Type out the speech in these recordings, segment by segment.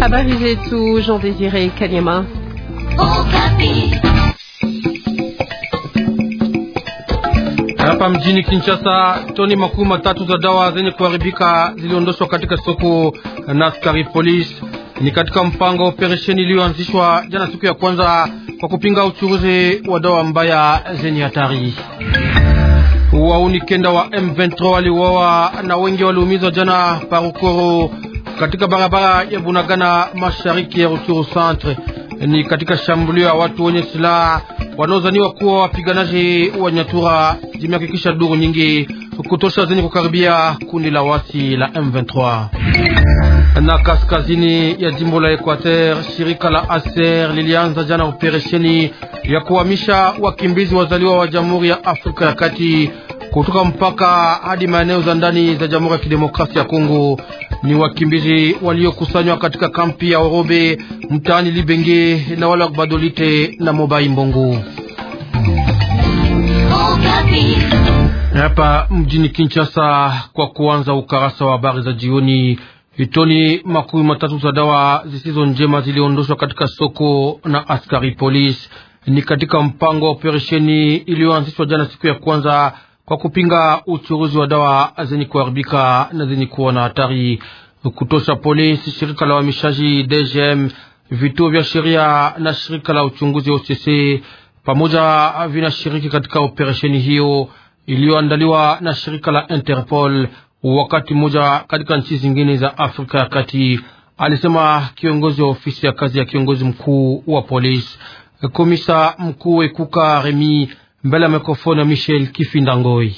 Habari zetu Jean Désiré Kanyama. Hapa mjini Kinshasa, toni makumi matatu za dawa zenye kuharibika ziliondoshwa katika soko na askari polisi. Ni katika mpango operesheni iliyoanzishwa jana siku ya kwanza kwa kupinga uchuruzi wa dawa mbaya zenye hatari wauni kenda wa M23 waliuawa na wengi waliumizwa jana parukoro katika barabara ya Bunagana mashariki ya Ruchuru centre. Ni katika shambulio ya watu wenye silaha wanaozaniwa kuwa wapiganaji wa Nyatura, zimehakikisha duru nyingi kutosha zenye kukaribia kundi la wasi la M23. Na kaskazini ya jimbo la Equateur, shirika la ASER lilianza jana operesheni ya kuhamisha wakimbizi wazaliwa wa Jamhuri ya Afrika ya Kati kutoka mpaka hadi maeneo za ndani za Jamhuri ya Kidemokrasia ya Kongo. Ni wakimbizi waliokusanywa katika kampi ya Orobe mtaani Libenge na wale wa Badolite na Mobai Mbongo hapa mjini Kinshasa. Kwa kuanza ukarasa wa habari za jioni, vitoni makumi matatu za dawa zisizo njema ziliondoshwa katika soko na askari polisi ni katika mpango wa operesheni iliyoanzishwa jana siku ya kwanza kwa kupinga uchuruzi wa dawa zenye kuharibika na zenye kuwa na hatari kutosha. Polisi, shirika la uhamishaji DGM, vituo vya sheria na shirika la uchunguzi wa OCC pamoja vinashiriki katika operesheni hiyo iliyoandaliwa na shirika la Interpol wakati mmoja katika nchi zingine za Afrika ya Kati, alisema kiongozi wa ofisi ya kazi ya kiongozi mkuu wa polisi komisa mkuu Ekuka Remi mbele ya mikrofoni ya Michel Kifindangoi.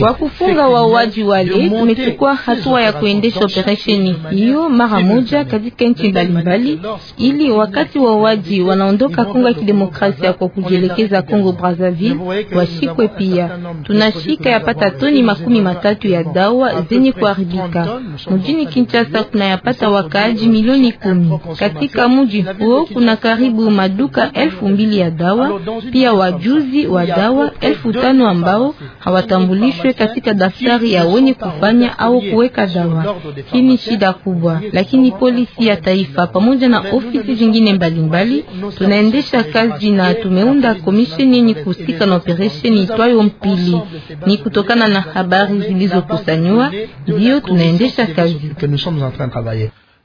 Kwa kufunga wauaji wale, tumechukua hatua ya kuendesha operesheni hiyo mara moja katika nchi mbalimbali, ili wakati wauaji wanaondoka Kongo ya Kidemokrasia kwa kujielekeza Kongo Brazzaville washikwe pia. Tunashika yapata toni makumi matatu ya dawa zenye kuharibika mjini Kinshasa. Kuna yapata wakaaji milioni kumi katika mji huo. Kuna karibu maduka elfu mbili ya dawa pia wajuzi wa dawa elfu tano ambao hawatambulishwe katika daftari ya wenye kufanya au kuweka dawa. Hii ni shida kubwa, lakini polisi ya taifa pamoja na ofisi zingine mbalimbali tunaendesha kazi na tumeunda komisheni yenye kuhusika na operesheni itwayo Mpili. Ni kutokana na habari zilizokusanywa ndiyo tunaendesha kazi.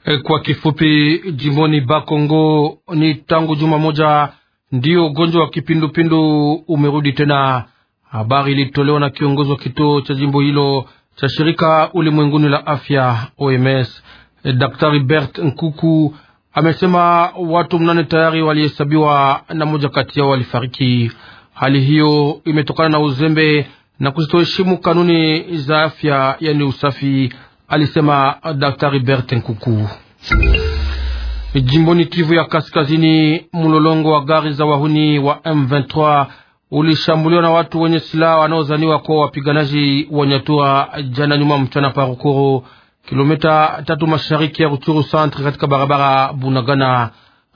Eh, kwa kifupi, jimboni Bakongo ni tangu juma moja ndio ugonjwa wa kipindupindu umerudi tena Habari ilitolewa na kiongozi wa kituo cha jimbo hilo cha shirika ulimwenguni la afya OMS, Daktari Bert Nkuku amesema watu mnane tayari walihesabiwa na moja kati yao walifariki. Hali hiyo imetokana na uzembe na kutoheshimu kanuni za afya, yani usafi, alisema Daktari Bert Nkuku. Jimboni Kivu ya Kaskazini, mlolongo wa gari za wahuni wa M23 ulishambuliwa na watu wenye silaha wanaozaniwa kuwa wapiganaji wa Nyatura jana nyuma mchana pa Rukuru, kilomita tatu mashariki ya Ruchuru centre, katika barabara Bunagana.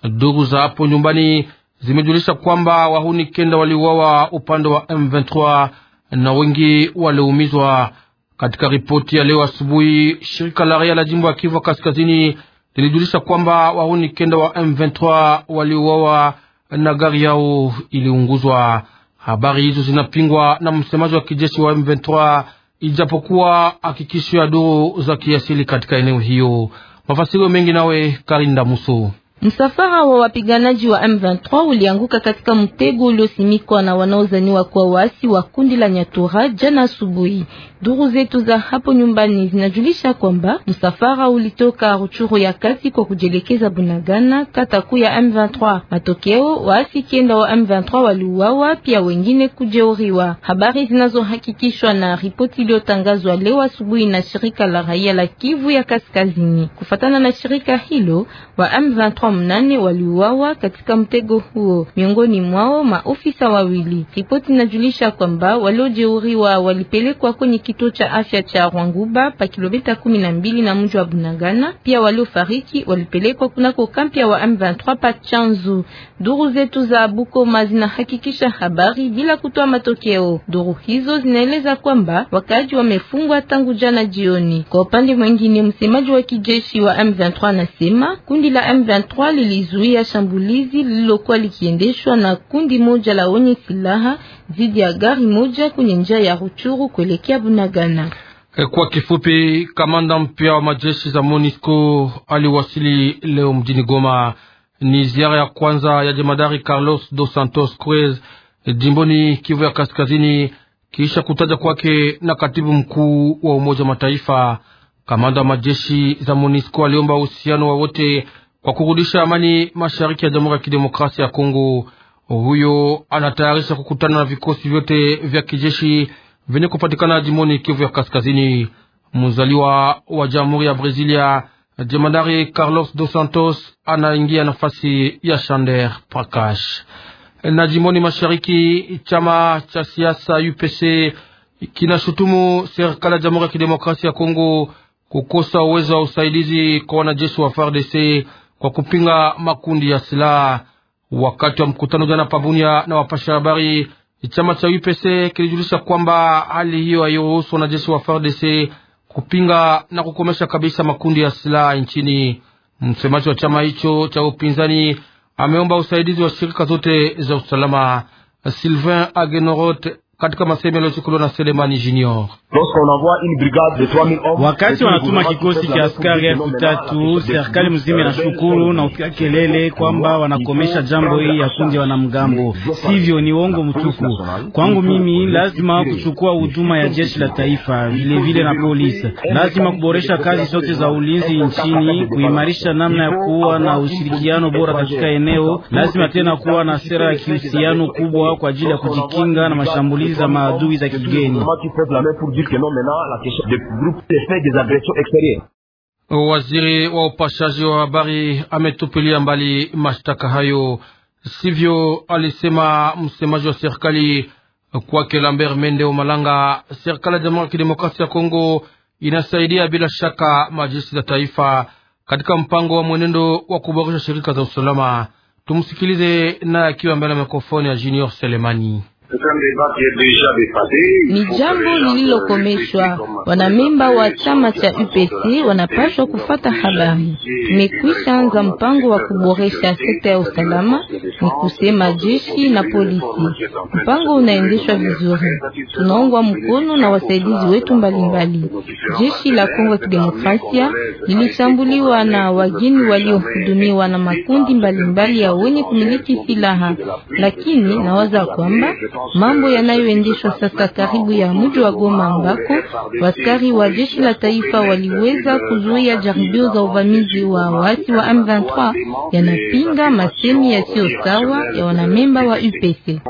Ndugu za hapo nyumbani zimejulisha kwamba wahuni kenda waliuawa upande wa M23 na wengi waliumizwa. Katika ripoti ya leo asubuhi, shirika la raia la jimbo ya Kivu Kaskazini lilijulisha kwamba wahuni kenda wa M23 waliuawa na gari yao iliunguzwa. Habari hizo zinapingwa na msemaji wa kijeshi wa M23 ijapokuwa hakikisho ya duru za kiasili katika eneo hiyo. Mafasirio mengi nawe Karinda Muso. Msafara wa wapiganaji wa M23 ulianguka katika mtego uliosimikwa na wanaozaniwa kwa waasi wa kundi la Nyatura jana asubuhi. Duru zetu za hapo nyumbani zinajulisha kwamba msafara ulitoka Ruchuru ya kati kwa kujelekeza Bunagana, kata kuu ya M23. Matokeo, waasi kenda wa M23 waliuawa, pia wengine kujeuriwa. Habari zinazohakikishwa na ripoti iliyotangazwa leo asubuhi na shirika la raia la Kivu ya Kaskazini. Kufatana na shirika hilo wa M23 mnane waliuawa katika mtego huo, miongoni mwao maofisa wawili. Ripoti inajulisha kwamba waliojeuriwa walipelekwa kwenye kituo cha afya cha Rwanguba pa kilomita kumi na mbili na mji wa Bunagana. Pia waliofariki walipelekwa kunako kampi ya wa M23 pa Chanzu. Duru zetu za Bukoma zinahakikisha habari bila kutoa matokeo. Duru hizo zinaeleza kwamba wakaaji wamefungwa tangu jana jioni. Kwa upande mwingine, msemaji wa kijeshi wa M23 anasema kundi la M23 m lilizuia shambulizi lililokuwa likiendeshwa na kundi moja la wenye silaha dhidi ya gari moja kwenye njia ya Ruchuru kuelekea Bunagana. Kwa kifupi, kamanda mpya wa majeshi za MONUSCO aliwasili leo mjini Goma. Ni ziara ya kwanza ya jemadari Carlos dos Santos Cruz jimboni Kivu ya Kaskazini kisha kutaja kwake na katibu mkuu wa Umoja wa Mataifa. Kamanda wa majeshi za MONUSCO aliomba uhusiano wa wote kwa kurudisha amani mashariki ya Jamhuri ya Kidemokrasia ya Kongo. Huyo anatayarisha kukutana na vikosi vyote vya kijeshi vyenye kupatikana jimoni Kivu ya Kaskazini. Mzaliwa wa Jamhuri ya Brezilia, jemadari Carlos Dos Santos anaingia nafasi ya Shander Prakash. Na jimoni mashariki, chama cha siasa UPC kinashutumu serikali ya Jamhuri ya Kidemokrasia ya Kongo kukosa uwezo wa usaidizi kwa wanajeshi wa FARDC kwa kupinga makundi ya silaha. Wakati wa mkutano jana Pabunia na wapasha habari, chama cha UPC kilijulisha kwamba hali hiyo hairuhusu wanajeshi wa FARDC kupinga na kukomesha kabisa makundi ya silaha nchini. Msemaji wa chama hicho cha upinzani ameomba usaidizi wa shirika zote za usalama. Sylvain Agenorote katika masemo yaliyochukuliwa na Selemani Junior. Wakati wanatuma kikosi cha askari elfu tatu serikali mzima inashukuru na upiga kelele kwamba wanakomesha jambo hii ya kundi wanamgambo, sivyo? Ni uongo mtupu. Kwangu mimi, lazima kuchukua huduma ya jeshi la taifa vilevile vile na polisi. Lazima kuboresha kazi zote za ulinzi nchini, kuimarisha namna ya kuwa na ushirikiano bora katika eneo. Lazima tena kuwa na sera ya kihusiano kubwa kwa ajili ya kujikinga na mashambulizi za maadui za kigeni. Waziri wa upashaji wa habari ametupilia mbali mashtaka hayo, sivyo alisema msemaji wa serikali. Kwake Lambert Mende Omalanga, serikali ya Jamhuri ya Kidemokrasia ya Kongo inasaidia bila shaka majeshi za taifa katika mpango wa mwenendo wa kuboresha shirika za usalama. Tumsikilize naye akiwa mbele ya mikrofoni ya Junior Selemani ni jambo lililokomeshwa. Wanamemba wa chama cha UPC wanapaswa kufata habari. Tumekwisha anza mpango wa kuboresha sekta ya usalama, ni kusema jeshi na polisi. Mpango unaendeshwa vizuri, tunaungwa mkono na wasaidizi wetu mbalimbali. Jeshi la Kongo ya Kidemokrasia lilishambuliwa na wageni waliohudumiwa na makundi mbalimbali mbali ya wenye kumiliki silaha, lakini nawaza kwamba mambo yanayoendeshwa sasa karibu ya mji wa Goma ambako waskari wa jeshi la taifa waliweza kuzuia jaribio za uvamizi wa waasi wa M23 yanapinga masemi yasiyo sawa ya wanamemba wa UPC.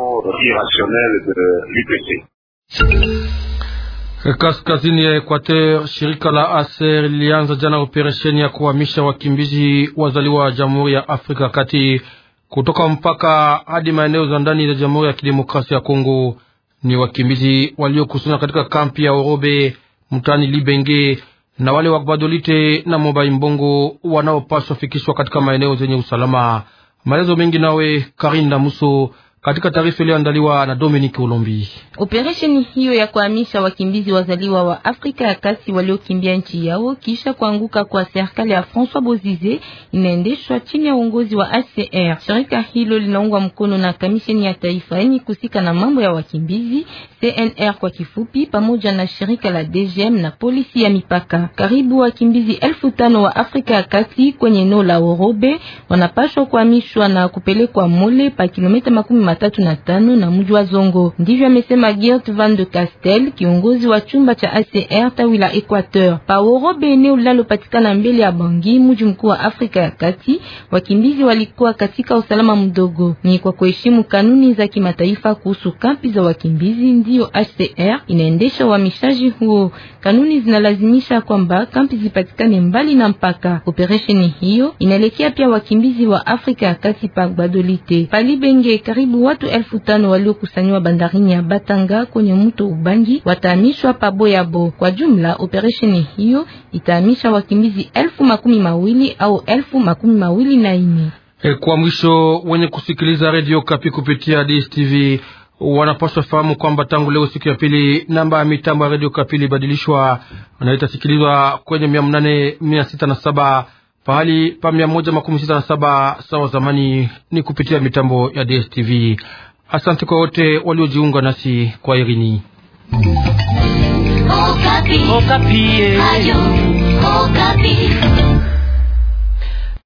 Kaskazini ya Ekwateur, shirika la ASER lilianza jana operesheni ya kuhamisha wakimbizi wazaliwa wa Jamhuri ya Afrika Kati kutoka mpaka hadi maeneo za ndani za Jamhuri ya Kidemokrasia ya Kongo. Ni wakimbizi waliokusanywa katika kampi ya Orobe mtani Libenge na wale wa Badolite na Mobai Mbongo wanaopaswa fikishwa katika maeneo zenye usalama. Maelezo mengi nawe Karinda Muso katika taarifa iliyoandaliwa na Dominic Olombi. Operesheni hiyo ya kuhamisha wakimbizi wazaliwa wa Afrika ya Kati waliokimbia nchi yao kisha kuanguka kwa serikali ya François Bozize inaendeshwa chini ya uongozi wa ACR. Shirika hilo linaungwa mkono na kamisheni ya taifa yenye kusika na mambo ya wakimbizi CNR kwa kifupi, pamoja na shirika la DGM na polisi ya mipaka. Karibu wakimbizi elfu tano wa Afrika ya Kati kwenye eneo la Orobe wanapaswa kuhamishwa na kupelekwa Mole pa kilomita makumi matatu na tano na mji wa Zongo. Ndivyo amesema Gert Van de Castel, kiongozi wa chumba cha ACR tawi la Equateur. Paoro Bene linalopatikana mbele ya Bangi, mji mkuu wa Afrika ya Kati, wakimbizi walikuwa katika usalama mdogo. Ni kwa kuheshimu kanuni za kimataifa kuhusu kampi za wakimbizi, ndiyo HCR inaendesha uhamishaji huo. Kanuni zinalazimisha kwamba kampi zipatikane mbali na mpaka. Operesheni hiyo inaelekea pia wakimbizi wa Afrika ya Kati pa Gbadolite Palibenge, karibu watu elfu tano waliokusanywa bandarini ya Batanga kwenye mto Ubangi watahamishwa bo Kwa jumla, operesheni hiyo itahamisha wakimbizi elfu makumi mawili au elfu makumi mawili na ine. E, kwa mwisho, wenye kusikiliza redio Kapi kupitia DSTV wanapaswa fahamu kwamba tangu leo siku ya pili namba ya mitambo ya redio Kapi ilibadilishwa na itasikilizwa kwenye mia mnane mia sita na saba pahali pa mia moja makumi sita na saba sawa zamani ni kupitia mitambo ya DSTV. Asante kwa wote waliojiunga nasi kwa irini. Okapi. Okapi. Ayu, Okapi.